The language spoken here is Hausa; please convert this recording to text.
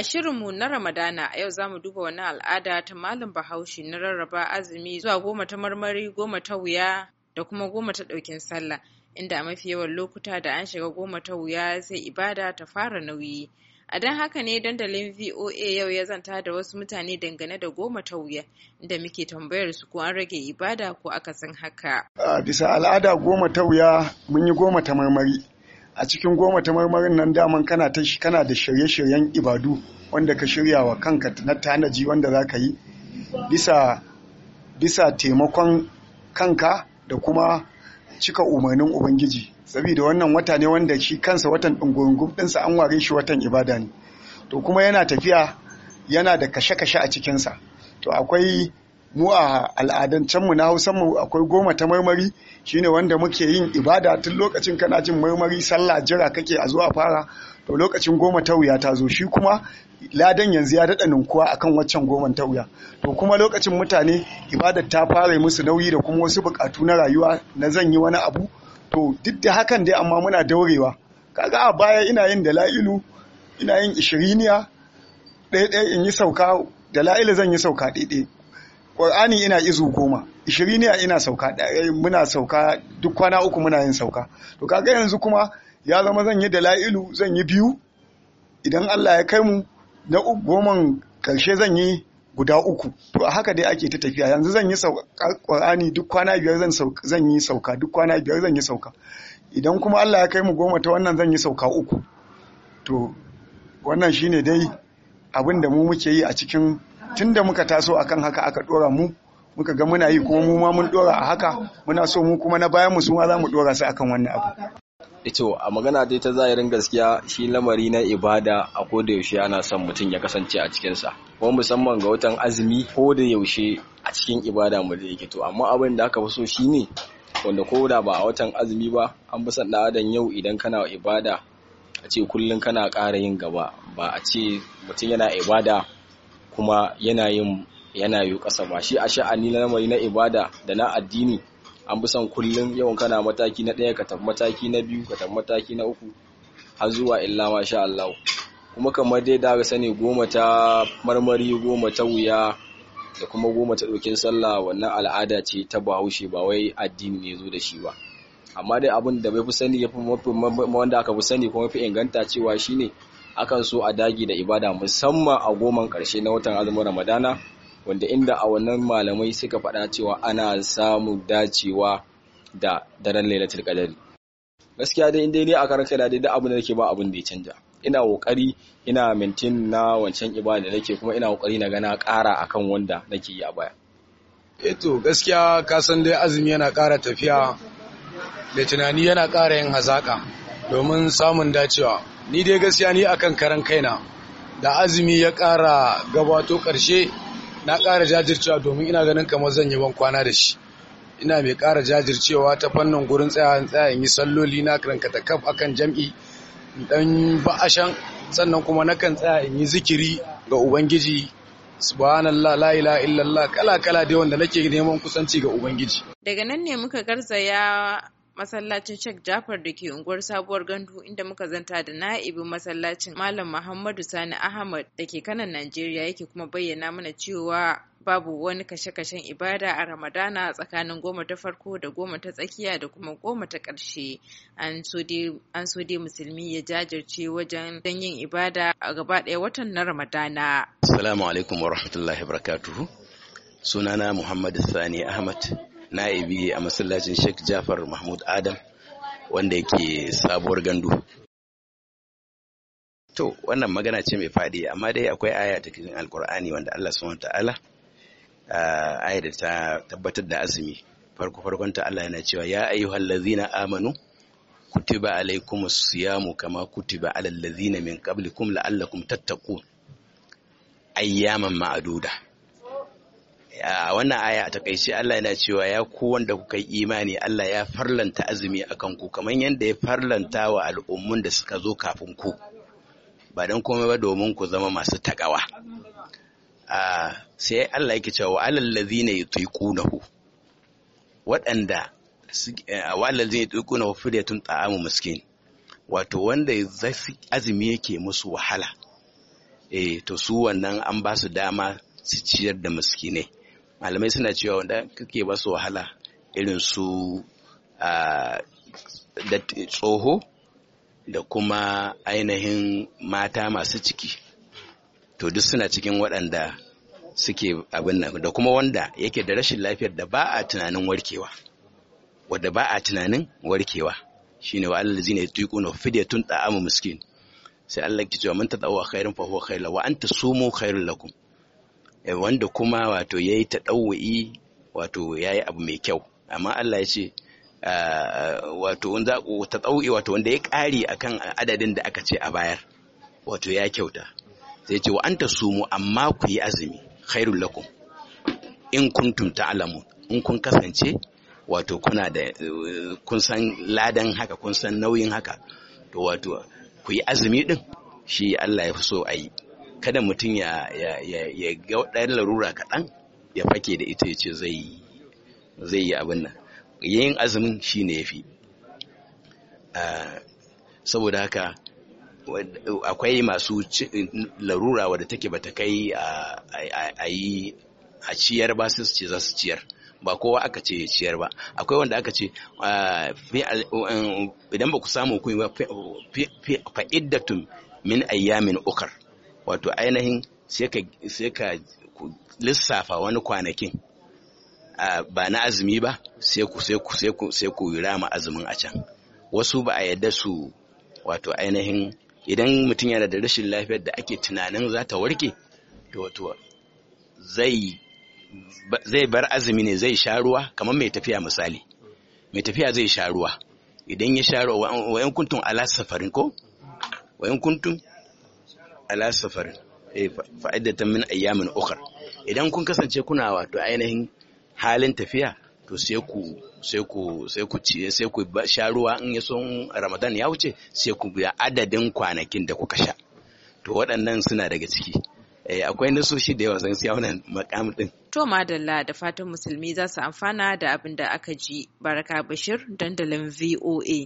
A shirinmu na Ramadana a yau za mu duba wani al'ada ta Malam Bahaushe na rarraba azumi zuwa goma ta marmari, goma ta wuya da kuma goma ta ɗaukin sallah, inda a mafi yawan lokuta da an shiga goma ta wuya sai ibada ta fara nauyi. A don haka ne dandalin VOA yau ya zanta da wasu mutane dangane da goma ta wuya, inda muke tambayar su ko an rage ibada ko aka san haka. bisa al'ada goma ta wuya mun yi goma ta marmari. a cikin goma ta marmarin nan daman kana ta kana da shirye-shiryen ibadu wanda ka shirya wa kanka na tanaji wanda za ka yi bisa taimakon kanka da kuma cika umarnin ubangiji saboda wannan wata ne wanda shi kansa watan ɗungurungun ɗinsa an ware shi watan ibada ne to kuma yana tafiya yana da kashe-kashe a cikinsa to akwai mu a al'adancenmu na hausanmu akwai goma ta marmari shine wanda muke yin ibada tun lokacin kana jin marmari sallah jira kake a zuwa fara to lokacin goma ta wuya ta zo shi kuma ladan yanzu ya daɗa ninkuwa akan waccan goman ta wuya to kuma lokacin mutane ibadar ta fara musu nauyi da kuma wasu buƙatu na rayuwa na zan yi wani abu to duk da hakan dai amma muna daurewa kaga a baya ina yin dala'ilu ina yin ishiriniya ɗaya yi sauka dala'ilu zan yi sauka ɗaiɗai ƙur'ani ina izu goma ishiriniya ina sauka eh, muna sauka duk kwana uku muna yin sauka to kaga yanzu kuma ya zama zan yi da la'ilu zan yi biyu idan Allah ya kai mu na goman karshe zan yi guda uku to a haka dai ake ta tafiya yanzu zan yi Qur'ani duk kwana biyar zan sauka zan yi sauka duk kwana biyar zan yi sauka idan kuma Allah ya kai mu goma ta wannan zan yi sauka uku to wannan shine dai abin da mu muke yi a cikin tunda muka taso akan haka aka dora mu muka ga muna yi kuma mu ma mun dora a haka muna so mu kuma na bayan mu su za mu dora su akan wannan abu ito a magana dai ta zahirin gaskiya shi lamari na ibada a koda yaushe ana son mutum ya kasance a cikinsa kuma musamman ga watan azumi ko da yaushe a cikin ibada mu da yake to amma abin da aka fi so shine wanda ko da ba a watan azumi ba an fi son adan yau idan kana ibada a ce kullum kana ƙara yin gaba ba a ce mutum yana ibada kuma yana yin yana yi ƙasa ba shi a sha'ani na namari na ibada da na addini an fi san kullum yawan kana mataki na ɗaya ka tafi mataki na biyu ka tafi mataki na uku har zuwa illa ma sha Allah kuma kamar dai da sani goma ta marmari goma ta wuya da kuma goma ta ɗokin sallah wannan al'ada ce ta bahaushe ba wai addini ne zo da shi ba amma dai abin da bai fi sani ya fi wanda aka fi sani kuma fi inganta cewa shine akan so a dagi da ibada musamman a goman ƙarshe na watan azumin ramadana wanda inda a wannan malamai suka faɗa cewa ana samun dacewa da daren lailatul qadari gaskiya dai indai ne a karanta da dai abin da nake ba abin da ya canja ina kokari ina maintain na wancan ibada nake kuma ina kokari na gana ƙara akan wanda nake yi a baya eto eh gaskiya ka san dai azumi yana ƙara tafiya da tunani yana ƙara yin hazaka domin samun dacewa ni dai gaskiya ni akan karan kaina da azumi ya ƙara gabato ƙarshe na ƙara jajircewa domin ina ganin kamar zan yi ban kwana da shi ina mai ƙara jajircewa ta fannin gurin tsayayen tsaya yi salloli na karanta kaf akan jam'i dan ba'ashan sannan kuma nakan tsaya in yi zikiri ga ubangiji subhanallah la illallah kala kala dai wanda nake neman kusanci ga ubangiji daga nan ne muka garzaya masallacin Sheikh Jafar da ke unguwar Sabuwar Gandu inda muka zanta da na'ibin masallacin Malam Muhammadu Sani Ahmad da ke kanan Najeriya yake kuma bayyana mana cewa babu wani kashe-kashen ibada a Ramadana tsakanin goma ta farko da goma ta tsakiya da kuma goma ta ƙarshe. An so dai musulmi ya jajirce wajen yin ibada a gaba ɗaya watan na Ramadana. Assalamu alaikum wa rahmatullahi barakatuhu. Sunana Muhammad Sani Ahmad. na'ibi a masallacin Sheikh Jafar Mahmud Adam wanda yake sabuwar gandu. To, wannan magana ce mai faɗi, amma dai akwai aya ta cikin alkur'ani wanda Allah subhanahu ta'ala aya da ta tabbatar da azumi. Farko farkon ta Allah yana cewa ya ayyuhal ladzina amanu kutiba alaikumus siyamu kama kutiba alal ladzina min qablikum la'allakum tattaqun ayyaman ma'aduda. A wannan aya a takaice Allah yana cewa ya ku wanda kuka yi imani Allah ya farlanta azumi a kanku kamar yadda ya farlanta wa al'ummun da suka zo kafin ku ba don komai ba domin ku zama masu takawa sai Allah yake cewa alal ladzina yutiqunahu waɗanda eh, walal zai tuquna fidyatun ta'amu miskin wato wanda azumi yake musu wahala eh to su wannan an ba su dama su ciyar da miskinai malamai suna cewa wanda kake ba wahala irin su da tsoho da kuma ainihin mata masu ciki to duk suna cikin waɗanda suke abin nan da kuma wanda yake da rashin lafiyar da ba a tunanin warkewa wadda ba a tunanin warkewa shine wa Allah zina tuqu na fidyatun ta'amu miskin sai Allah mun mun ta tadawa khairin fa huwa khairun wa anta sumu khairul lakum Eh, wanda kuma wato ya yi taɗawai wato ya yi abu mai kyau amma Allah ya ce ah, wato wanda wato wanda ya ƙari akan adadin da aka ce a bayar wato ya kyauta sai ce wa anta sumu amma ku yi azumi khairun lakum in kuntum alamu in kun kasance wato kuna da kun san ladan haka kun san nauyin haka to wato ku yi azumi din shi Allah ya fi so a yi kada mutum ya ya ga ɗayan larura kaɗan ya fake da ita ya ce zai yi abin nan yin azumin shi ne ya fi ah, saboda haka akwai masu larura wadda take ba ta kai a yi a ciyar ba su ce za su ciyar ba kowa aka ce ciyar ba akwai wanda aka ce ah, um, idan ba ku samu kun ba min ayyamin ukar wato ainihin sai ka lissafa wani kwanakin ba na azumi ba sai ku sai ku sai ku sai ku rama azumin a can wasu ba a yadda su wato ainihin idan mutum yana da rashin lafiyar da ake tunanin za ta warke to wato zai zai bar azumi ne zai sha ruwa kamar mai tafiya misali mai tafiya zai sha ruwa idan ya sha ruwa wa in ala safarin ko wa kuntun ala safar eh, fa'idatan min ayyamin ukhar idan kun kasance kuna wato ainihin halin tafiya to sai ku sai ku sai ku ci sai ku sha ruwa in ya Ramadan ya wuce sai ku biya adadin kwanakin da kuka sha to waɗannan suna daga ciki eh, akwai nasoshi da yawa sun siya wannan makam din to madalla da fatan musulmi za su amfana da abin da aka ji baraka bashir dandalin VOA